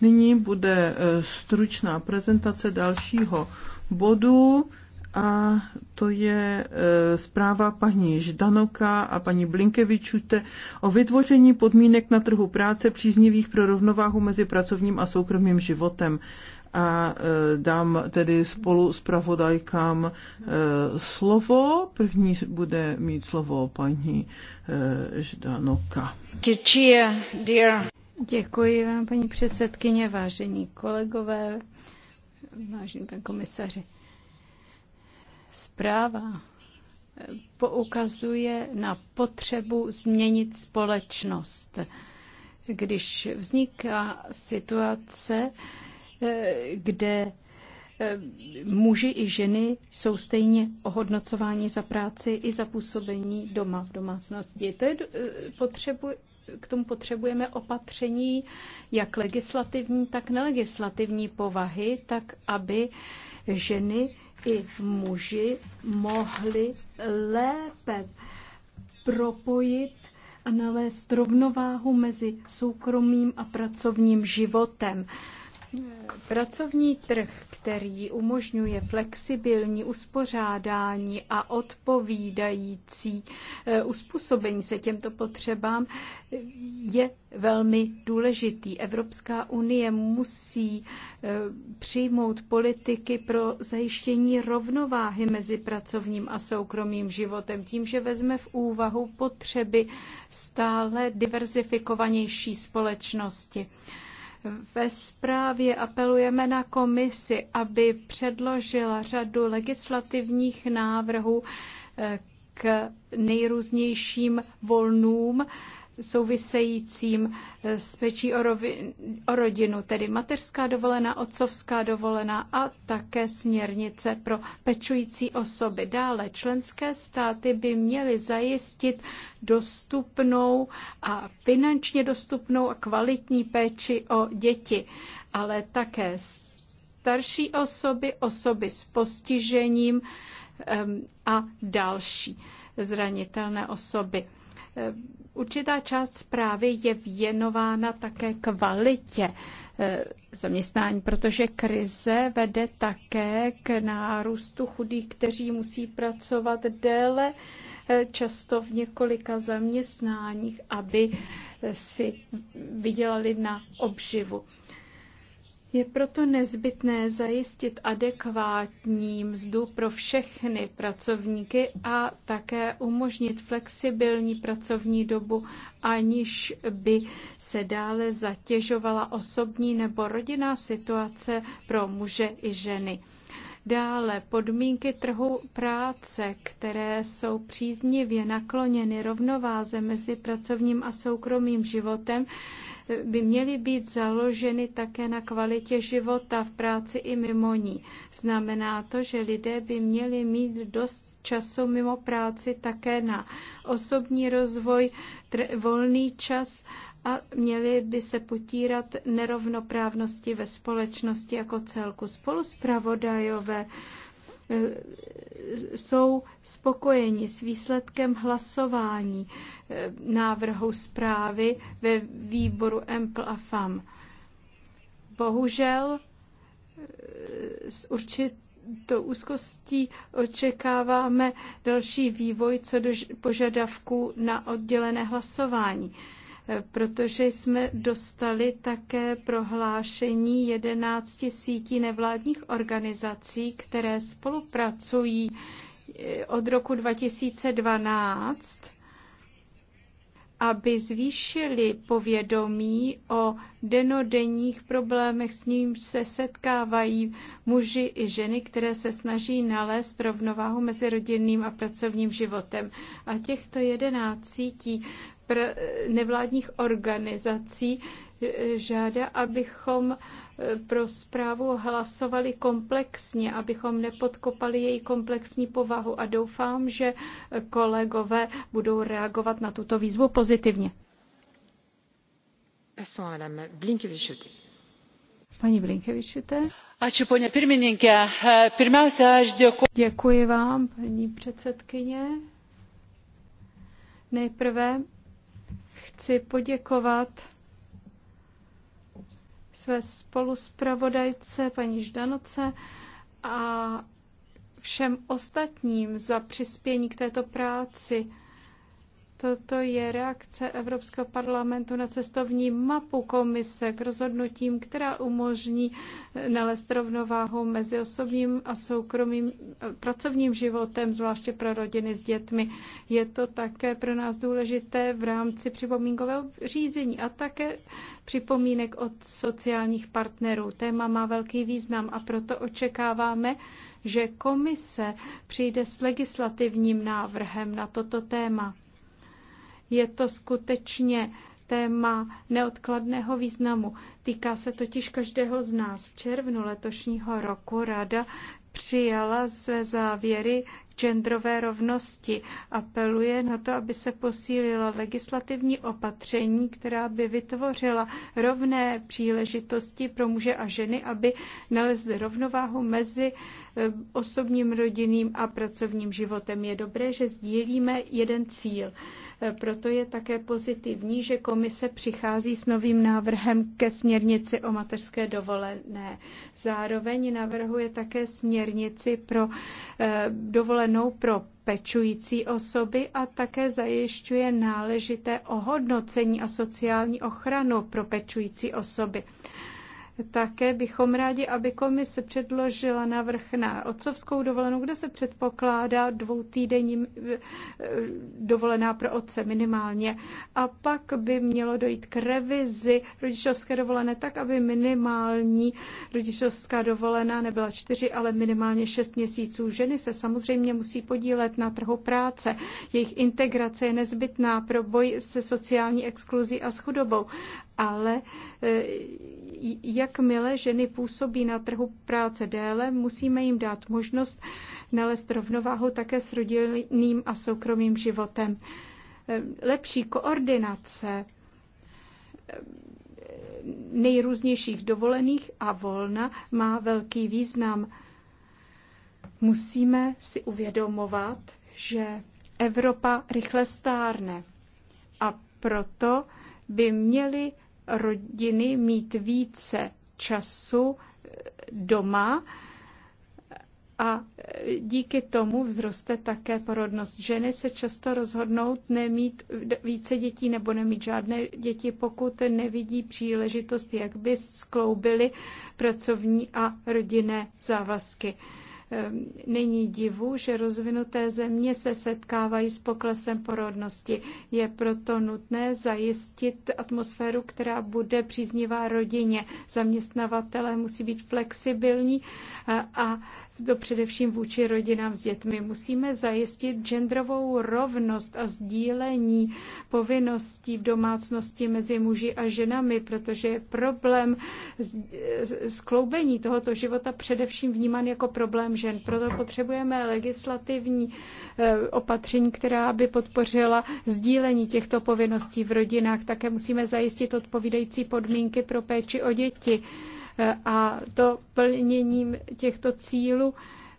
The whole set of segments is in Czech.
Nyní bude e, stručná prezentace dalšího bodu a to je e, zpráva paní Ždanoka a paní Blinkevičute o vytvoření podmínek na trhu práce příznivých pro rovnováhu mezi pracovním a soukromým životem. A e, dám tedy spolu s pravodajkám slovo. První bude mít slovo paní Ždanoka. Děkuji, dear Děkuji vám, paní předsedkyně, vážení kolegové, vážení pan komisaři. Zpráva poukazuje na potřebu změnit společnost. Když vzniká situace, kde eh, muži i ženy jsou stejně ohodnocováni za práci i za působení doma v domácnosti. To je eh, potřebu, k tomu potřebujeme opatření jak legislativní, tak nelegislativní povahy, tak aby ženy i muži mohli lépe propojit a nalézt rovnováhu mezi soukromým a pracovním životem. Pracovní trh, který umožňuje flexibilní uspořádání a odpovídající e, uspůsobení se těmto potřebám, je velmi důležitý. Evropská unie musí e, přijmout politiky pro zajištění rovnováhy mezi pracovním a soukromým životem tím, že vezme v úvahu potřeby stále diverzifikovanější společnosti. Ve zprávě apelujeme na komisi, aby předložila řadu legislativních návrhů eh, k nejrůznějším volnům, souvisejícím eh, s pečí o, o rodinu, tedy mateřská dovolená, otcovská dovolená a také směrnice pro pečující osoby. Dále členské státy by měly zajistit dostupnou a finančně dostupnou a kvalitní péči o děti, ale také starší osoby, osoby s postižením a další zranitelné osoby Určitá část zprávy je věnována také kvalitě eh, zaměstnání, protože krize vede také k nárůstu chudých, kteří musí pracovat déle, eh, často v několika zaměstnáních, aby eh, si vydělali na obživu. Je proto nezbytné zajistit adekvátní mzdu pro všechny pracovníky a také umožnit flexibilní pracovní dobu, aniž by se dále zatěžovala osobní nebo rodinná situace pro muže i ženy. Dále podmínky trhu práce, které jsou příznivě nakloněny rovnováze mezi pracovním a soukromým životem, by měly být založeny také na kvalitě života v práci i mimo ní. Znamená to, že lidé by měli mít dost času mimo práci také na osobní rozvoj, volný čas a měly by se potírat nerovnoprávnosti ve společnosti jako celku. Spolu zpravodajové e, jsou spokojeni s výsledkem hlasování e, návrhu zprávy ve výboru EMPL a FAM. Bohužel e, s určitou úzkostí očekáváme další vývoj co do požadavků na oddělené hlasování protože jsme dostali také prohlášení 11 sítí nevládních organizací, které spolupracují eh, od roku 2012 aby zvýšili povědomí o denodenních problémech, s ním se setkávají muži i ženy, které se snaží nalézt rovnováhu mezi rodinným a pracovním životem. A těchto jedenáct sítí nevládních organizací žádá, abychom pro zprávu hlasovali komplexně, abychom nepodkopali její komplexní povahu a doufám, že kolegové budou reagovat na tuto výzvu pozitivně. Paní Blinkevičute. Ačiū, ponia pirmininkė. Pirmiausia, aš dėkuoju. Děkuji vám, paní předsedkyně. Nejprve chci poděkovat své spoluspravodajce paní Ždanoce a všem ostatním za přispění k této práci. Toto je reakce Evropského parlamentu na cestovní mapu komise k rozhodnutím, která umožní eh, nalézt rovnováhu mezi osobním a soukromým eh, pracovním životem, zvláště pro rodiny s dětmi. Je to také pro nás důležité v rámci připomínkového řízení a také připomínek od sociálních partnerů. Téma má velký význam a proto očekáváme, že komise přijde s legislativním návrhem na toto téma. Je to skutečně téma neodkladného významu. Týká se totiž každého z nás. V červnu letošního roku Rada přijala své závěry k genderové rovnosti. Apeluje na to, aby se posílila legislativní opatření, která by vytvořila rovné příležitosti pro muže a ženy, aby nalezly rovnováhu mezi eh, osobním, rodinným a pracovním životem. Je dobré, že sdílíme jeden cíl proto je také pozitivní, že komise přichází s novým návrhem ke směrnici o mateřské dovolené. Zároveň navrhuje také směrnici pro eh, dovolenou pro pečující osoby a také zajišťuje náležité ohodnocení a sociální ochranu pro pečující osoby. Také bychom rádi, aby komise předložila návrh na otcovskou dovolenou, kde se předpokládá dvoutýdenní eh, dovolená pro otce minimálně. A pak by mělo dojít k revizi rodičovské dovolené tak, aby minimální rodičovská dovolená nebyla čtyři, ale minimálně šest měsíců. Ženy se samozřejmě musí podílet na trhu práce. Jejich integrace je nezbytná pro boj se sociální exkluzí a s chudobou ale e, jakmile ženy působí na trhu práce déle, musíme jim dát možnost nalézt rovnováhu také s rodinným a soukromým životem. E, lepší koordinace e, nejrůznějších dovolených a volna má velký význam. Musíme si uvědomovat, že Evropa rychle stárne a proto by měly rodiny mít více času doma a díky tomu vzroste také porodnost. Ženy se často rozhodnou nemít více dětí nebo nemít žádné děti, pokud nevidí příležitost, jak by skloubily pracovní a rodinné závazky. Ehm, není divu, že rozvinuté země se setkávají s poklesem porodnosti. Je proto nutné zajistit atmosféru, která bude příznivá rodině. zaměstnavatele. musí být flexibilní eh, a to především vůči rodinám s dětmi. Musíme zajistit genderovou rovnost a sdílení povinností v domácnosti mezi muži a ženami, protože je problém skloubení tohoto života především vnímán jako problém žen. Proto potřebujeme legislativní eh, opatření, která by podpořila sdílení těchto povinností v rodinách. Také musíme zajistit odpovídající podmínky pro péči o děti a to plněním těchto cílů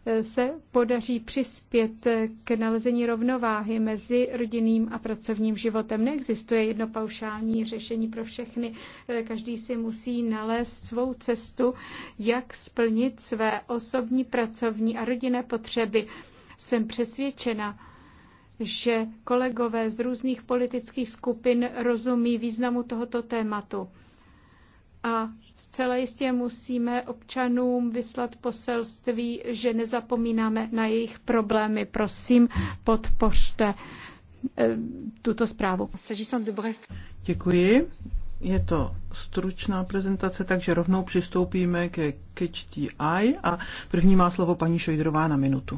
eh, se podaří přispět eh, k nalezení rovnováhy mezi rodinným a pracovním životem. Neexistuje jedno paušální řešení pro všechny. Eh, každý si musí nalézt svou cestu, jak splnit své osobní, pracovní a rodinné potřeby. Jsem přesvědčena, že kolegové z různých politických skupin rozumí významu tohoto tématu a zcela jistě musíme občanům vyslat poselství, že nezapomínáme na jejich problémy. Prosím, podpořte eh, tuto zprávu. Děkuji. Je to stručná prezentace, takže rovnou přistoupíme ke KCTI a první má slovo paní Šojdrová na minutu.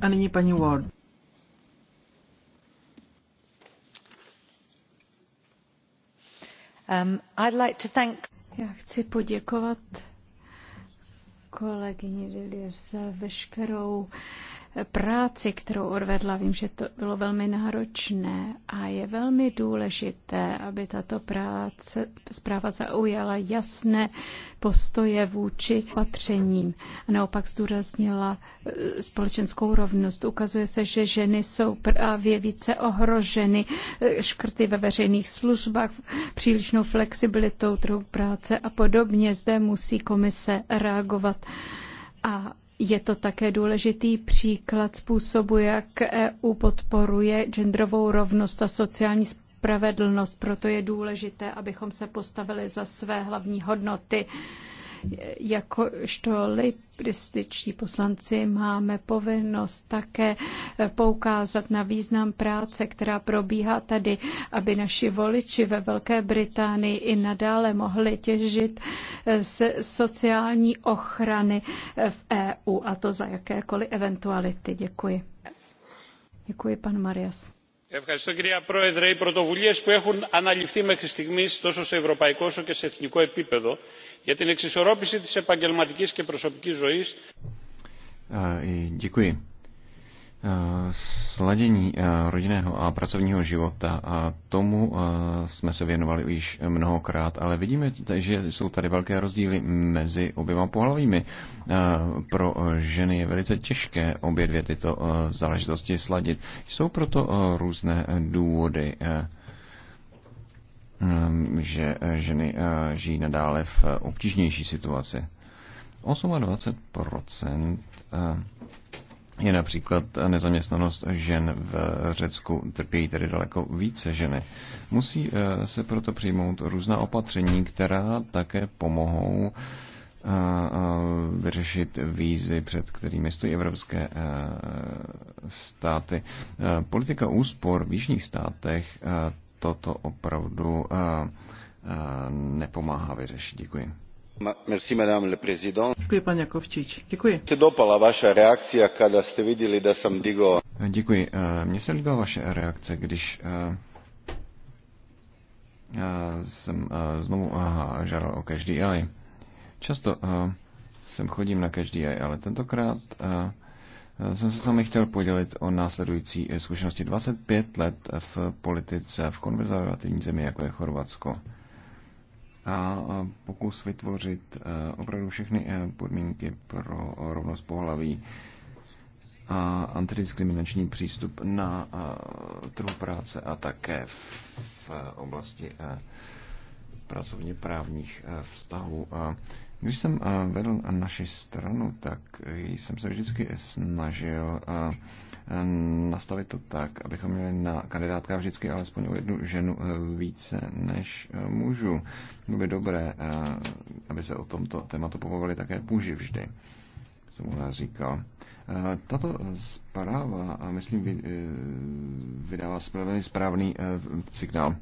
a nyní paní Ward. Um, I'd like to thank... Já chci poděkovat kolegyni Villiers za veškerou práci, kterou odvedla. Vím, že to bylo velmi náročné a je velmi důležité, aby tato práce, zpráva zaujala jasné postoje vůči opatřením a naopak zdůraznila eh, společenskou rovnost. Ukazuje se, že ženy jsou právě více ohroženy eh, škrty ve veřejných službách, přílišnou flexibilitou trhu práce a podobně. Zde musí komise reagovat a je to také důležitý příklad způsobu, jak EU podporuje genderovou rovnost a sociální spravedlnost. Proto je důležité, abychom se postavili za své hlavní hodnoty. Jakožto librističtí poslanci máme povinnost také poukázat na význam práce, která probíhá tady, aby naši voliči ve Velké Británii i nadále mohli těžit se sociální ochrany v EU, a to za jakékoliv eventuality. Děkuji. Děkuji, pan Marias κυρία πρόεδρε οι πρωτοβουλίε που έχουν αναλυφθεί μέχρι στιγμή τόσο σε ευρωπαϊκό όσο και σε εθνικό επίπεδο για την εξισορρόπηση τη επαγγελματική και προσωπική ζωή Eh, sladění eh, rodinného a pracovního života, a tomu eh, jsme se věnovali již mnohokrát, ale vidíme, že jsou tady velké rozdíly mezi oběma pohlavími. Pro ženy je velice těžké obě dvě tyto záležitosti sladit. Jsou proto různé důvody že ženy žijí nadále v obtížnější situaci. 28 je například nezaměstnanost žen v Řecku. Trpějí tedy daleko více ženy. Musí eh, se proto přijmout různá opatření, která také pomohou eh, eh, vyřešit výzvy, před kterými stojí evropské státy. Politika úspor v jižních státech toto opravdu nepomáhá vyřešit. Děkuji. Děkuji, jste viděli, jsem eh, Mně se líbila vaše reakce, když eh, eh, jsem znovu žádal o každý AI. Často sem chodím na každý AI, ale tentokrát jsem se s vámi chtěl podělit o následující zkušenosti. 25 let v politice v konverzativní zemi, jako je Chorvatsko a pokus vytvořit e, opravdu všechny e, podmínky pro rovnost pohlaví a antidiskriminační přístup na e, trhu práce a také v oblasti pracovně právních vztahů. Když jsem vedl naši stranu, tak jsem se vždycky snažil nastavit to tak, abychom měli na kandidátkách vždycky alespoň o jednu ženu eh, více než eh, mužů. Bylo by dobré, eh, aby se o tomto tématu pomovali také muži vždy, jsem mu říkal. Tato zpráva, myslím, vydává správný, správný signál.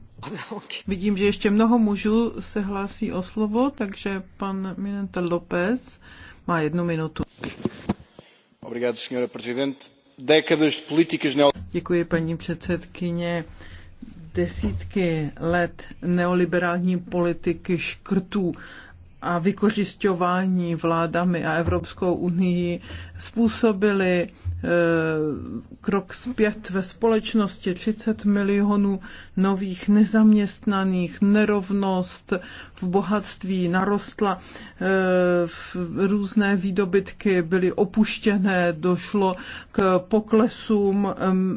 Vidím, že ještě mnoho mužů se hlásí o slovo, takže pan Minenta López má jednu minutu. Obrigado, senhora Presidente Děkuji, paní předsedkyně. Desítky let neoliberální politiky škrtů a vykořišťování vládami a Evropskou unii způsobily Eh, krok zpět ve společnosti, 30 milionů nových nezaměstnaných, nerovnost v bohatství narostla, eh, různé výdobytky byly opuštěné, došlo k poklesům eh,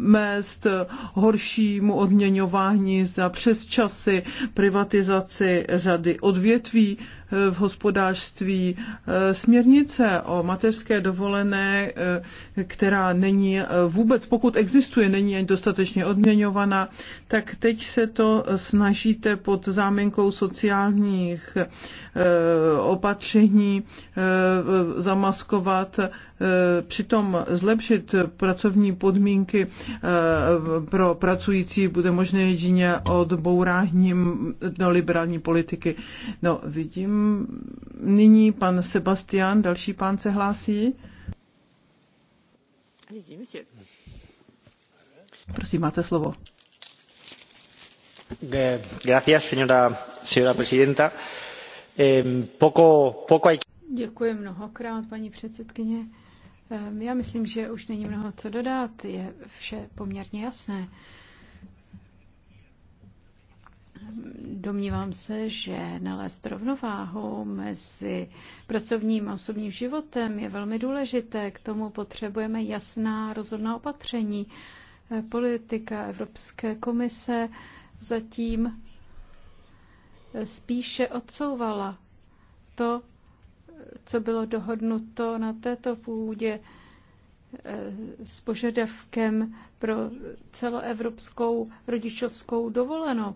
mest, horšímu odměňování za přesčasy, privatizaci řady odvětví v hospodářství. Směrnice o mateřské dovolené, která která není eh, vůbec, pokud existuje, není ani dostatečně odměňovaná, tak teď se to snažíte pod záminkou sociálních eh, opatření eh, zamaskovat, přitom zlepšit pracovní podmínky pro pracující bude možné jedině odbouráním no, liberální politiky. No, vidím, nyní pan Sebastian, další pán se hlásí. Eh, señora, presidenta. Eh, poco, hay... Děkuji mnohokrát, paní předsedkyně. Ehm, já myslím, že už není mnoho co dodat, je vše poměrně jasné. Domnívám se, že nalézt rovnováhu mezi pracovním a osobním životem je velmi důležité. K tomu potřebujeme jasná rozhodná opatření. Politika Evropské komise zatím spíše odsouvala to, co bylo dohodnuto na této půdě eh, s požadavkem pro celoevropskou rodičovskou dovolenou.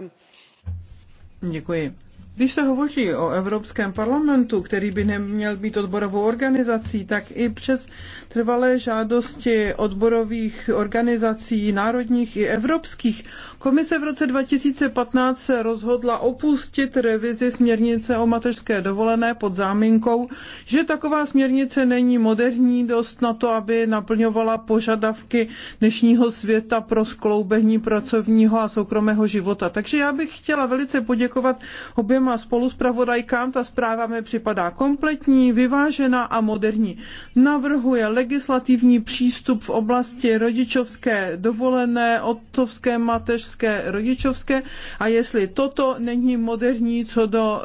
Um, Když se hovoří o Evropském parlamentu, který by neměl být odborovou organizací, tak i přes trvalé žádosti odborových organizací národních i evropských, komise v roce 2015 se rozhodla opustit revizi směrnice o mateřské dovolené pod záminkou, že taková směrnice není moderní dost na to, aby naplňovala požadavky dnešního světa pro skloubení pracovního a soukromého života. Takže já bych chtěla velice poděkovat oběma spoluspravodajkám. Ta zpráva mi připadá kompletní, vyvážená a moderní. Navrhuje legislativní přístup v oblasti rodičovské dovolené, otcovské, mateřské, rodičovské a jestli toto není moderní co do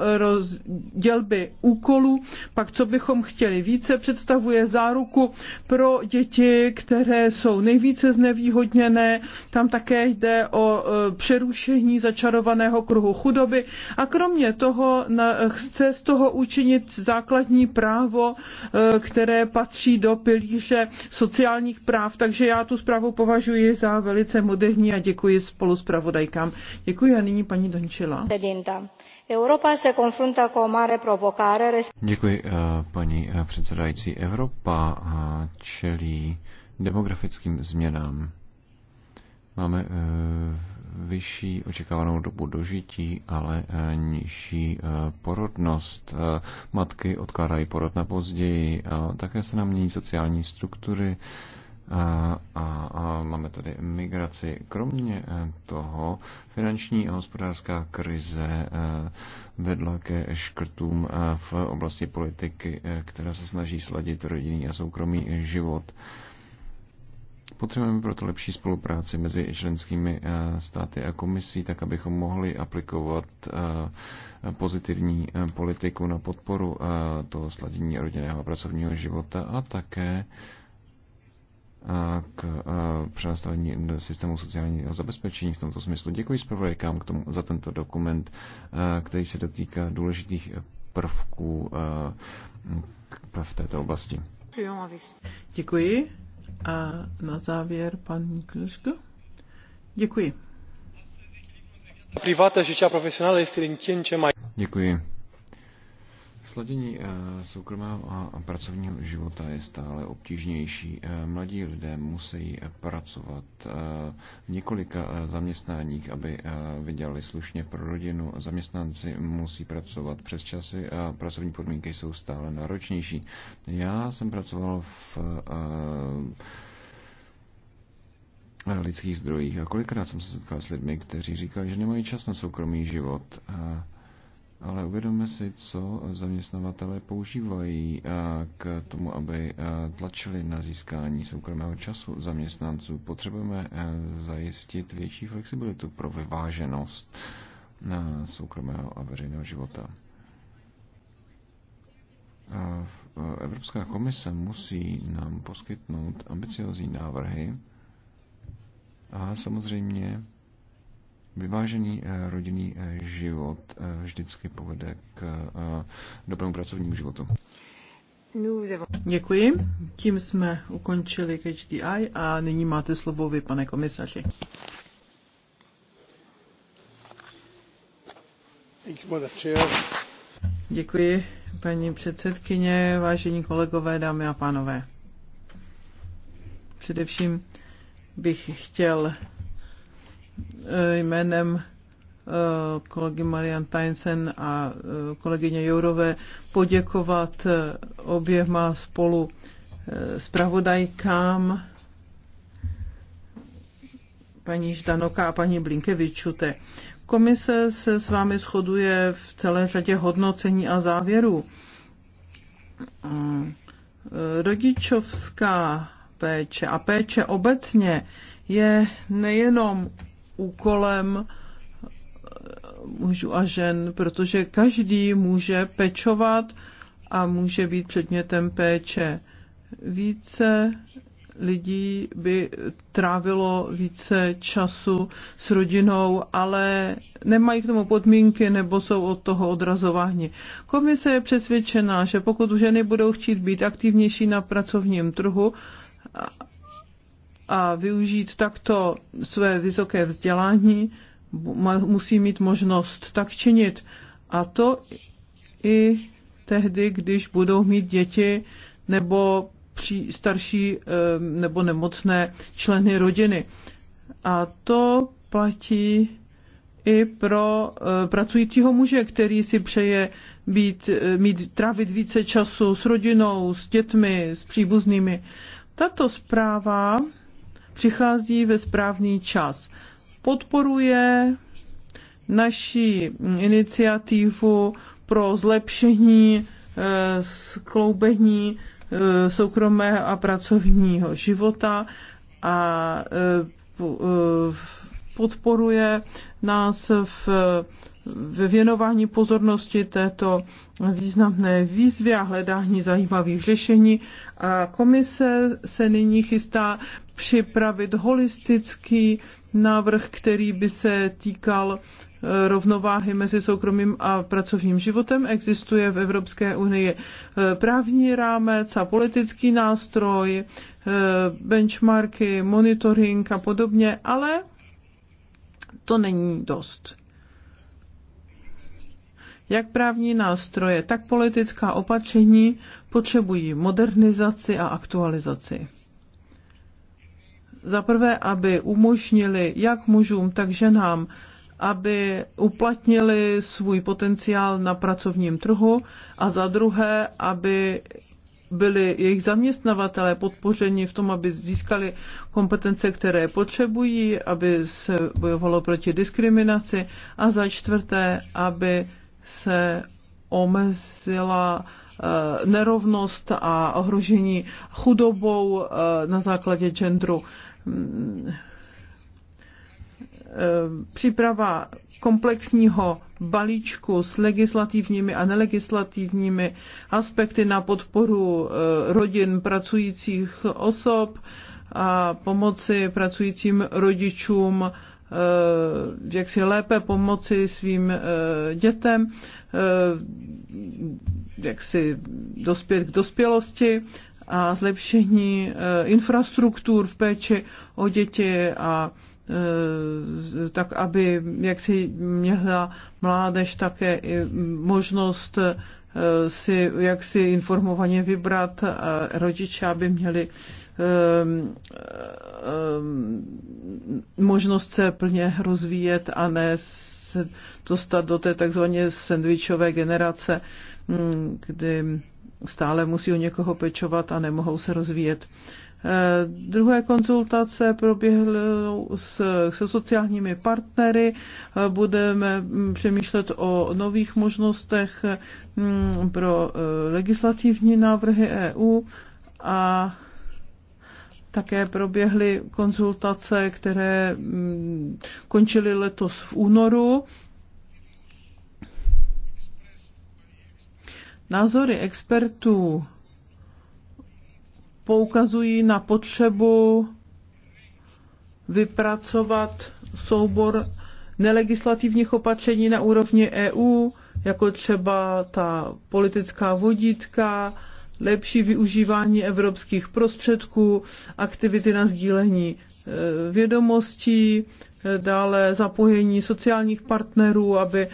dělby úkolů, pak co bychom chtěli více, představuje záruku pro děti, které jsou nejvíce znevýhodněné, tam také jde o e, přerušení začarovaného kruhu chudoby a kromě toho chce z toho učinit základní právo, e, které patří do pilíře pilíře sociálních práv, takže já tu zprávu považuji za velice moderní a děkuji spolu zpravodajkám. Děkuji a nyní paní Dončila. Evropa se confruntă cu o jako mare provocare. Děkuji, eh, paní eh, předsedající. Evropa eh, čelí demografickým změnám. Máme vyšší očekávanou dobu dožití, ale eh, nižší eh, porodnost. Eh, matky odkládají porod na později. Také se nám mění sociální struktury a, a, a máme tady migraci. Kromě toho finanční a hospodářská krize vedla ke škrtům v oblasti politiky, která se snaží sladit rodinný a soukromý život. Potřebujeme proto lepší spolupráci mezi členskými eh, státy a komisí, tak abychom mohli aplikovat eh, pozitivní eh, politiku na podporu toho sladění rodinného a pracovního života a také k přenastavení systému sociálního zabezpečení v tomto smyslu. Děkuji zpravodajkám k tomu, za tento dokument, který se dotýká důležitých prvků v této oblasti. Děkuji. A na závěr pan Kliško. Děkuji. Privata și cea profesională este din Děkuji. Sladění eh, soukromého a pracovního života je stále obtížnější. Eh, mladí lidé musí pracovat eh, v několika zaměstnáních, aby vydělali slušně pro rodinu. Zaměstnanci musí pracovat přes časy a pracovní podmínky jsou stále náročnější. Já jsem pracoval v lidských zdrojích a kolikrát jsem se setkal s lidmi, kteří říkali, že nemají čas na soukromý život. Ale uvědomme si, co zaměstnavatele používají eh, k tomu, aby eh, tlačili na získání soukromého času zaměstnanců. Potřebujeme eh, zajistit větší flexibilitu pro vyváženost na soukromého a veřejného života. Evropská komise musí nám poskytnout ambiciozní návrhy a samozřejmě Vyvážený eh, rodinný eh, život eh, vždycky povede k dobrému pracovnímu životu. Děkuji. Tím jsme ukončili HDI a nyní máte slovo vy, pane komisaři. Děkuji, paní předsedkyně, vážení kolegové, dámy a pánové. Především bych chtěl Eh, jménem eh, kolegy Marian Tainsen a eh, kolegyně Jourové poděkovat oběma spolu zpravodajkám paní Ždanoka a paní Blinkevičute. Komise se s vámi shoduje v celé řadě hodnocení a závěrů. Rodičovská péče a péče obecně je nejenom úkolem mužů a žen, protože každý může pečovat a může být předmětem péče. Více lidí by trávilo více času s rodinou, ale nemají k tomu podmínky nebo jsou od toho odrazováni. Komise je přesvědčená, že pokud ženy budou chtít být aktivnější na pracovním trhu, a využít takto své vysoké vzdělání, musí mít možnost tak činit. A to i tehdy, když budou mít děti nebo starší nebo nemocné členy rodiny. A to platí i pro e, pracujícího muže, který si přeje být, e, mít, trávit více času s rodinou, s dětmi, s příbuznými. Tato zpráva přichází ve správný čas. Podporuje naši iniciativu pro zlepšení eh, skloubení eh, soukromého a pracovního života a eh, podporuje nás v ve věnování pozornosti této významné výzvy a hledání zajímavých řešení. A komise se nyní chystá připravit holistický návrh, který by se týkal e, rovnováhy mezi soukromým a pracovním životem. Existuje v Evropské unii e, právní rámec a politický nástroj, e, benchmarky, monitoring a podobně, ale to není dost. Jak právní nástroje, tak politická opatření potřebují modernizaci a aktualizaci. Za prvé, aby umožnili jak mužům, tak ženám, aby uplatnili svůj potenciál na pracovním trhu a za druhé, aby byli jejich zaměstnavatelé podpořeni v tom, aby získali kompetence, které potřebují, aby se bojovalo proti diskriminaci a za čtvrté, aby se omezila eh, nerovnost a ohrožení chudobou eh, na základě genderu. Mm, eh, příprava komplexního balíčku s legislativními a nelegislativními aspekty na podporu rodin pracujících osob a pomoci pracujícím rodičům Eh, jak si lépe pomoci svým eh, dětem, eh, jak si dospět k dospělosti a zlepšení infrastruktur v péči o děti a tak aby jak si měla mládež také i možnost si jak si informovaně vybrat a rodiče, aby měli Ehm, ehm, možnost se plně rozvíjet a ne se dostat do té takzvané sandvičové generace, hm, kdy stále musí o někoho pečovat a nemohou se rozvíjet. Ehm, druhé konzultace proběhly se sociálními partnery. Budeme hm, přemýšlet o nových možnostech hm, pro eh, legislativní návrhy EU a také proběhly konzultace, které mm, končily letos v únoru. Názory expertů poukazují na potřebu vypracovat soubor nelegislativních opatření na úrovni EU, jako třeba ta politická vodítka, lepší využívání evropských prostředků, aktivity na sdílení e, vědomostí, e, dále zapojení sociálních partnerů, aby e,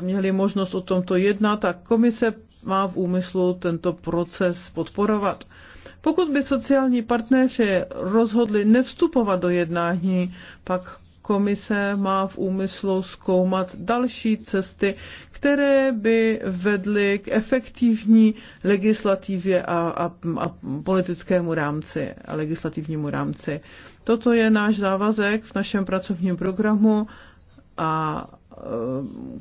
měli možnost o tomto jednat a komise má v úmyslu tento proces podporovat. Pokud by sociální partneři rozhodli nevstupovat do jednání, pak komise má v úmyslu zkoumat další cesty, které by vedly k efektivní legislativě a, a, a politickému rámci a legislativnímu rámci. Toto je náš závazek v našem pracovním programu a e,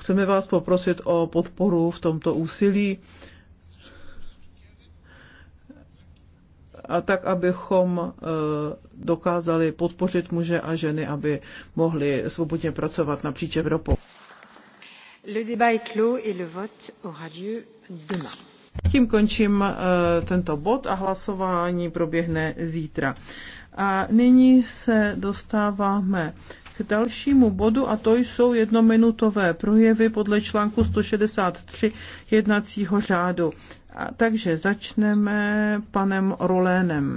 chceme vás poprosit o podporu v tomto úsilí. a tak, abychom e, dokázali podpořit muže a ženy, aby mohli svobodně pracovat napříč Evropou. Le débat est clos et le vote aura lieu demain. Tím končím e, tento bod a hlasování proběhne zítra. A nyní se dostáváme k dalšímu bodu a to jsou jednominutové projevy podle článku 163 jednacího řádu. A, takže začneme panem Rolénem.